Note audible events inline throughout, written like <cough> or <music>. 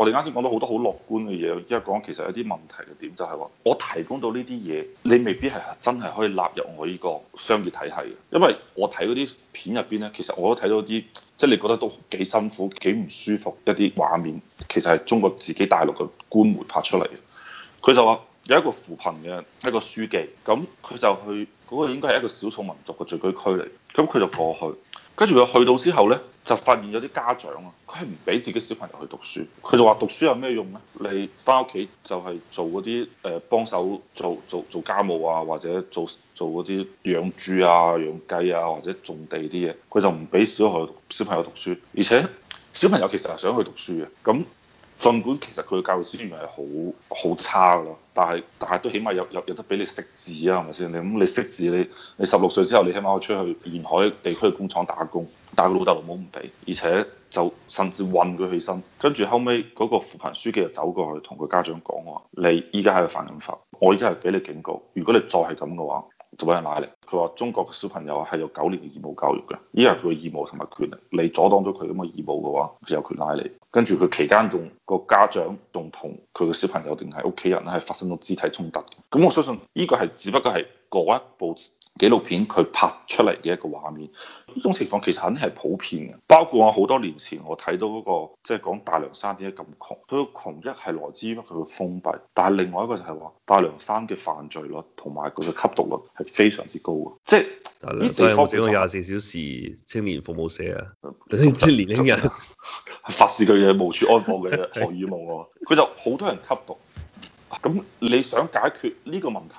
我哋啱先講到好多好樂觀嘅嘢，一講其實有啲問題嘅點就係話，我提供到呢啲嘢，你未必係真係可以納入我呢個商業體系嘅。因為我睇嗰啲片入邊咧，其實我都睇到啲即係你覺得都幾辛苦、幾唔舒服一啲畫面，其實係中國自己大陸嘅官媒拍出嚟嘅。佢就話有一個扶貧嘅一個書記，咁佢就去嗰、嗰個應該係一個少數民族嘅聚居區嚟，咁佢就過去，跟住佢去到之後咧。就發現有啲家長啊，佢係唔俾自己小朋友去讀書，佢就話讀書有咩用呢？你翻屋企就係做嗰啲誒幫手做做做家務啊，或者做做嗰啲養豬啊、養雞啊，或者種地啲嘢，佢就唔俾小學小朋友讀書，而且小朋友其實係想去讀書嘅，咁。儘管其實佢嘅教育資源係好好差咯，但係但係都起碼有有有得俾你識字啊，係咪先？你咁你識字，是是你你十六歲之後你起碼可以出去沿海地區嘅工廠打工，但係佢老豆老母唔俾，而且就甚至韞佢起身，跟住後尾嗰個扶貧書記就走過去同佢家長講話：你依家喺度犯緊法，我依家係俾你警告，如果你再係咁嘅話。就俾人拉力，佢話中國嘅小朋友係有九年嘅義務教育嘅，依係佢嘅義務同埋權利，你阻擋咗佢咁嘅義務嘅話，佢有權拉你，跟住佢期間仲個家長仲同佢嘅小朋友定係屋企人咧係發生咗肢體衝突嘅，咁我相信依個係只不過係。嗰一部紀錄片佢拍出嚟嘅一個畫面，呢種情況其實肯定係普遍嘅。包括我好多年前我睇到嗰、那個，即、就、係、是、講大涼山點解咁窮，佢個窮一係來自於佢嘅封閉，但係另外一個就係話大涼山嘅犯罪率同埋佢嘅吸毒率係非常之高，即係。呢地方整咗廿四小時青年服務社啊，啲、嗯、 <laughs> 年輕人發洩佢嘅無處安放嘅啫，荷爾蒙佢就好多人吸毒。咁你想解決呢個問題？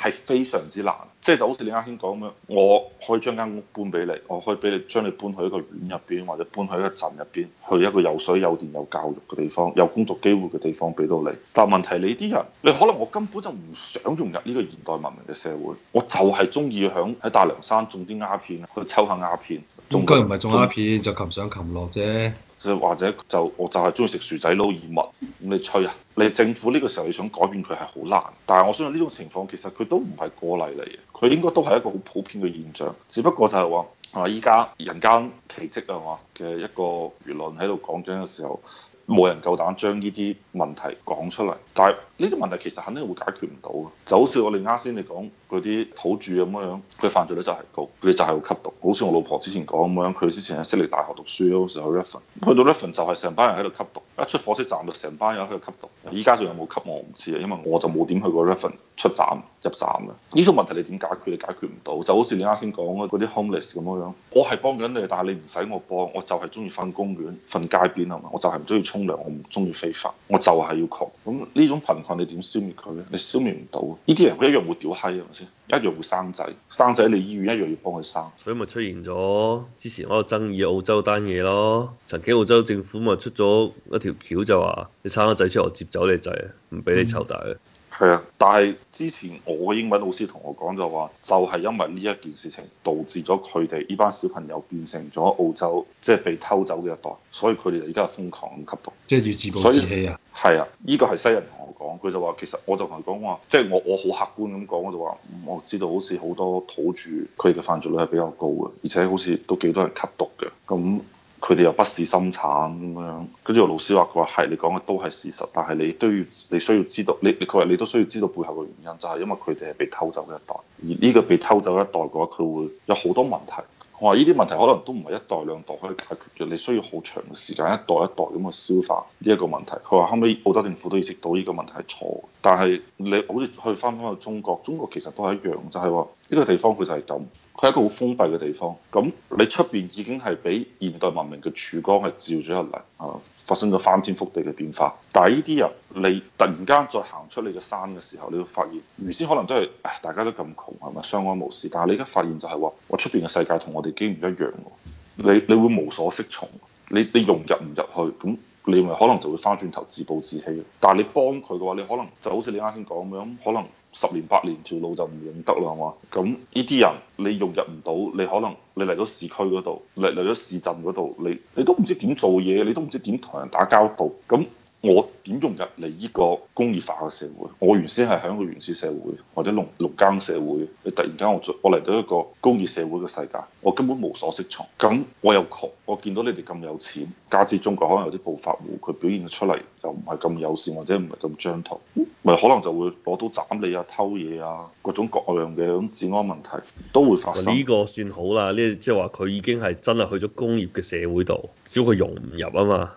係非常之難，即係就好似你啱先講咁樣，我可以將間屋搬俾你，我可以俾你將你搬去一個縣入邊，或者搬去一個鎮入邊，去一個有水有電有教育嘅地方，有工作機會嘅地方俾到你。但係問題你啲人，你可能我根本就唔想融入呢個現代文明嘅社會，我就係中意響喺大涼山種啲鴉片，去抽下鴉片。應該唔係種鴉片，種就擒上擒落啫。就或者就我就係中意食薯仔撈耳麥，咁你吹啊？你政府呢個時候你想改變佢係好難，但係我相信呢種情況其實佢都唔係個例嚟嘅，佢應該都係一個好普遍嘅現象，只不過就係話啊依家人間奇蹟啊嘛嘅一個輿論喺度講緊嘅時候，冇人夠膽將呢啲問題講出嚟，但係，呢啲問題其實肯定會解決唔到，就好似我哋啱先你講嗰啲土著咁樣樣，佢犯罪率就係高，佢哋就係要吸毒。好似我老婆之前講咁樣，佢之前喺悉尼大學讀書嗰時候去 Raven，去到 Raven 就係成班人喺度吸毒，一出火車站就成班人喺度吸毒。依家仲有冇吸我唔知啊，因為我就冇點去過 Raven 出站入站啦。呢種問題你點解決？你解決唔到，就好似你啱先講嗰啲 homeless 咁樣樣，我係幫緊你，但係你唔使我幫，我就係中意瞓公園、瞓街邊啊嘛，我就係唔中意沖涼，我唔中意飛髮。我就係要窮。咁呢種貧你點消滅佢咧？你消滅唔到，呢啲人佢一樣活屌閪啊，係咪先？一樣會生仔，生仔你醫院一樣要幫佢生。所以咪出現咗之前嗰個爭議澳洲單嘢咯。曾經澳洲政府咪出咗一條橋就話：你生個仔之後我接走你仔，唔俾你湊大。係、嗯、啊，但係之前我嘅英文老師同我講就話，就係、是、因為呢一件事情導致咗佢哋呢班小朋友變成咗澳洲即係、就是、被偷走嘅一代，所以佢哋而家係瘋狂咁吸毒，即係要自暴自棄啊。係啊，依個係西人。講佢就話其實我就同佢講話，即係我我好客觀咁講，我就話、嗯、我知道好似好多土著佢哋嘅犯罪率係比較高嘅，而且好似都幾多人吸毒嘅，咁佢哋又不事生產咁樣。跟住我老師話：佢話係你講嘅都係事實，但係你都要你需要知道你佢話你都需要知道背後嘅原因，就係、是、因為佢哋係被偷走一代，而呢個被偷走一代嘅話，佢會有好多問題。我話呢啲問題可能都唔係一代兩代可以解決嘅，你需要好長嘅時間一代一代咁去消化呢一個問題。佢話後尾澳洲政府都意識到呢個問題係錯，但係你好似去返返去中國，中國其實都係一樣，就係話呢個地方佢就係咁。佢係一個好封閉嘅地方，咁你出邊已經係俾現代文明嘅曙光係照咗入嚟啊！發生咗翻天覆地嘅變化，但係呢啲人你突然間再行出你嘅山嘅時候，你會發現原先可能都係唉大家都咁窮係咪相安無事，但係你而家發現就係話我出邊嘅世界同我哋已經唔一樣喎、啊，你你會無所適從，你你融入唔入去，咁你咪可能就會翻轉頭自暴自棄、啊。但係你幫佢嘅話，你可能就好似你啱先講咁樣，可能。十年八年條路就唔認得啦，係嘛？咁呢啲人你融入唔到，你可能你嚟到市區嗰度，嚟嚟咗市鎮嗰度，你你都唔知點做嘢，你都唔知點同人打交道，咁。我點融入嚟呢個工業化嘅社會？我原先係喺個原始社會或者農農耕社會，你突然間我我嚟到一個工業社會嘅世界，我根本無所適從。咁我又窮，我見到你哋咁有錢，加之中國可能有啲暴發戶，佢表現出嚟就唔係咁友善或者唔係咁張桃，咪可能就會攞刀斬你啊、偷嘢啊，各種各樣嘅咁治安問題都會發生。呢個算好啦，呢即係話佢已經係真係去咗工業嘅社會度，只要佢融唔入啊嘛。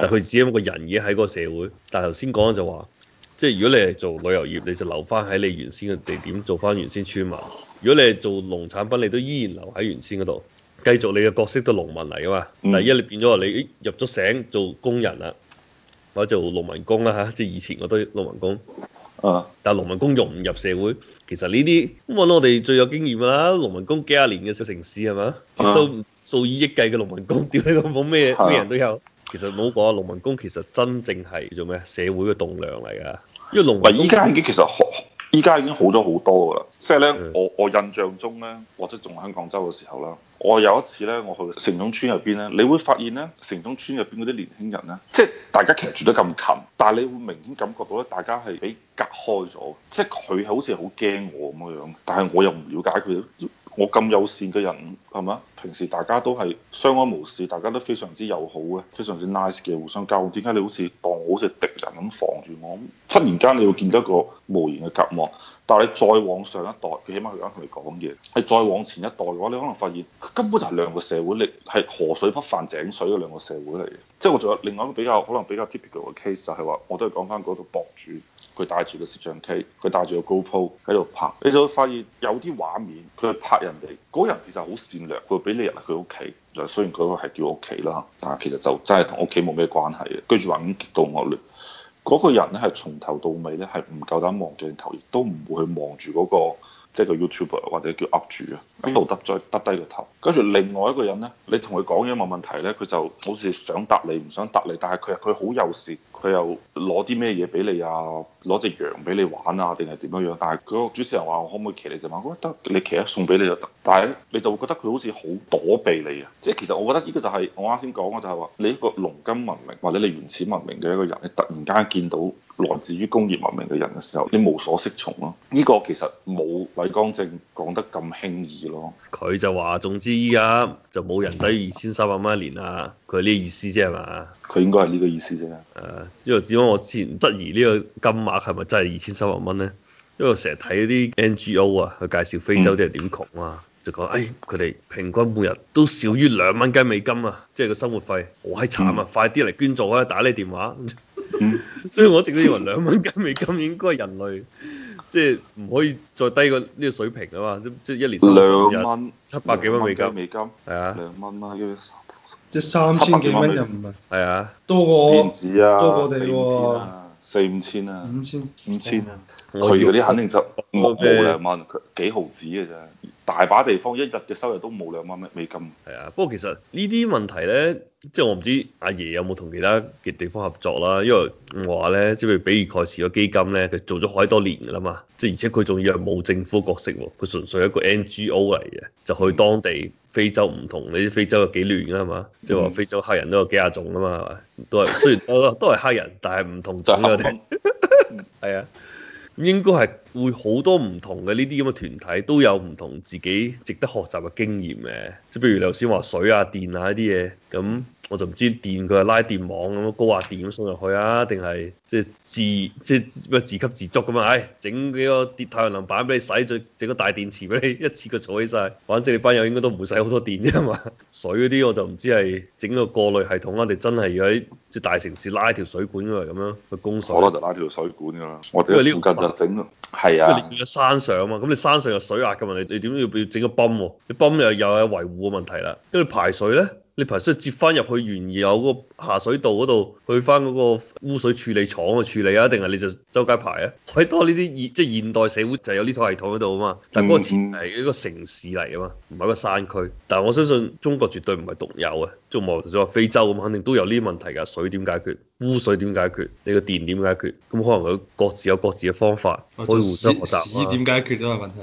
但佢只係咁個人已喺個社會。但係頭先講就話，即係如果你係做旅遊業，你就留翻喺你原先嘅地點做翻原先村民；如果你係做農產品，你都依然留喺原先嗰度，繼續你嘅角色都農民嚟啊嘛。第一你變咗話你入咗城做工人啦，或者做農民工啦嚇，即係以前我都農民工。但係農民工融唔入社會？其實呢啲咁講，我哋最有經驗啦。農民工幾廿年嘅小城市係嘛，接收數以億計嘅農民工，屌你老母咩，咩人都有。其實冇講啊，農民工其實真正係做咩？社會嘅棟樑嚟噶。因為農民工，依家已經其實好，依家已經好咗好多噶啦。即係咧，我我印象中咧，或者仲喺廣州嘅時候啦，我有一次咧，我去城中村入邊咧，你會發現咧，城中村入邊嗰啲年輕人咧，即係大家其實住得咁近，但係你會明顯感覺到咧，大家係俾隔開咗，即係佢好似好驚我咁嘅樣，但係我又唔了解佢。我咁友善嘅人，係咪？平時大家都係相安無事，大家都非常之友好嘅，非常之 nice 嘅，互相交流。點解你好似當我好似敵人咁防住我？忽然間你要見到一個無言嘅隔膜。但係你再往上一代，佢起碼佢啱同你講嘢。係再往前一代嘅話，你可能發現根本就係兩個社會，你係河水不犯井水嘅兩個社會嚟嘅。即係我仲有另外一個比較可能比較 typical 嘅 case，就係話我都係講翻嗰度博主。佢帶住個攝像機，佢帶住個 GoPro 喺度拍，你就會發現有啲畫面，佢拍人哋嗰人其實好善良，佢會俾你入去佢屋企，就雖然嗰個係叫屋企啦，但係其實就真係同屋企冇咩關係嘅，居住環境極度惡劣，嗰、嗰個人咧係從頭到尾咧係唔夠膽望鏡頭，亦都唔會去望住嗰個。即係個 YouTuber 或者叫 Up 主啊，喺度得再耷低個頭，跟住另外一個人呢，你同佢講嘢冇問題呢，佢就好似想答你，唔想答你，但係佢佢好友善，佢又攞啲咩嘢俾你啊，攞隻羊俾你玩啊，定係點樣樣，但係嗰個主持人話我可唔可以騎你隻馬就話覺得你騎一送俾你就得，但係你就會覺得佢好似好躲避你啊，即係其實我覺得呢個就係、是、我啱先講嘅就係、是、話你一個農耕文明或者你原始文明嘅一個人，你突然間見到。來自於工業文明嘅人嘅時候，你無所適從咯。呢、這個其實冇偉光正講得咁輕易咯。佢就話，總之依家、啊、就冇人低二千三百蚊一年啊。佢呢個意思啫係嘛？佢應該係呢個意思啫。誒、呃，因為點解我之前質疑呢個金額係咪真係二千三百蚊咧？因為我成日睇啲 NGO 啊，佢介紹非洲啲人點窮啊，嗯、就講誒，佢、哎、哋平均每日都少於兩蚊雞美金啊，即、就、係、是、個生活費好閪慘啊！嗯、快啲嚟捐助啊！打你個電話。所以我一直都以為兩蚊雞美金應該係人類，即係唔可以再低過呢個水平啊嘛，即即一年收兩七百幾蚊美金美金係啊兩蚊啦，即三千幾蚊又唔係係啊多過電子啊，多過我四五千啊四五千啊，佢嗰啲肯定就五五兩蚊，幾毫子嘅咋。大把地方一日嘅收入都冇兩萬蚊美金。係啊，不過其實呢啲問題咧，即係我唔知阿爺有冇同其他嘅地方合作啦。因為我話咧，即係譬如比爾蓋茨個基金咧，佢做咗好多年噶啦嘛。即係而且佢仲要係冇政府角色，佢純粹係一個 N G O 嚟嘅，就去當地非洲唔同。你啲非洲有幾亂噶嘛？即係話非洲黑人都有幾廿種噶嘛，係嘛？都係 <laughs> 雖然都都係黑人，但係唔同種嘅。係 <laughs> 啊，嗯、 <laughs> 啊應該係。會好多唔同嘅呢啲咁嘅團體都有唔同自己值得學習嘅經驗嘅，即係譬如你頭先話水啊、電啊呢啲嘢，咁我就唔知電佢係拉電網咁高壓電咁送入去啊，定係即係自即係、乜、自給自足咁啊？唉、哎，整幾個碟太陽能板俾你洗咗整個大電池俾你一次過儲起晒。反正你班友應該都唔會使好多電噶嘛。水嗰啲我就唔知係整個過濾系統啦，定真係要喺即係大城市拉一條水管過嚟咁樣去供水。我就拉條水管噶啦，我哋附近就整。係啊，因為你要喺山上啊嘛，咁你山上有水壓嘅嘛，你怎你點要要整個泵啊？你泵又有係維護嘅問題啦，跟住排水呢。你排所以接翻入去原有嗰個下水道嗰度，去翻嗰個污水處理廠去處理啊，定係你就周街排啊？喺多呢啲即係現代社會就有呢套系統喺度啊嘛，但係嗰個前提係一個城市嚟㗎嘛，唔係一個山區。但係我相信中國絕對唔係獨有啊，仲望咗非洲咁肯定都有呢啲問題㗎，水點解決？污水點解決？你個電點解決？咁可能佢各自有各自嘅方法，可以互相學習、啊哦屎。屎點解決都係問題。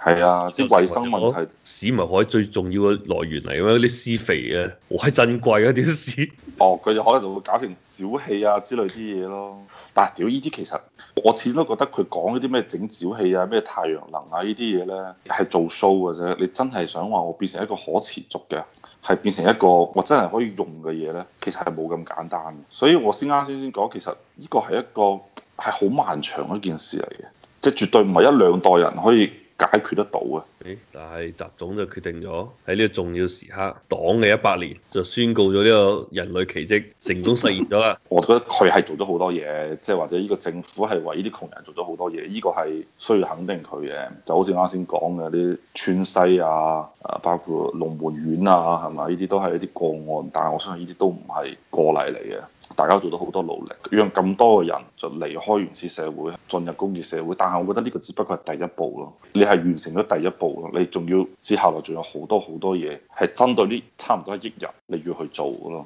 係啊！啲衞生問題，屎咪係最重要嘅來源嚟㗎咩？啲施肥啊，哇係真貴啊！啲屎 <laughs> 哦，佢哋可能就會搞成沼氣啊之類啲嘢咯。但係屌呢啲其實我始終都覺得佢講嗰啲咩整沼氣啊、咩太陽能啊呢啲嘢咧係做 show 嘅啫。你真係想話我變成一個可持續嘅，係變成一個我真係可以用嘅嘢咧，其實係冇咁簡單。所以我先啱先先講，其實呢個係一個係好漫長一件事嚟嘅，即係絕對唔係一兩代人可以。解決得到啊！誒，但係習總就決定咗喺呢個重要時刻，黨嘅一百年就宣告咗呢個人類奇蹟成功實現咗啦！ <laughs> 我覺得佢係做咗好多嘢，即係或者呢個政府係為呢啲窮人做咗好多嘢，呢個係需要肯定佢嘅。就好似啱先講嘅啲川西啊，啊包括龍門縣啊，係咪？呢啲都係一啲個案，但係我相信呢啲都唔係個例嚟嘅。大家做到好多努力，讓咁多嘅人就離開原始社會，進入工業社會。但係我覺得呢個只不過係第一步咯，你係完成咗第一步咯，你仲要之後來仲有好多好多嘢係針對呢差唔多一億人你要去做咯。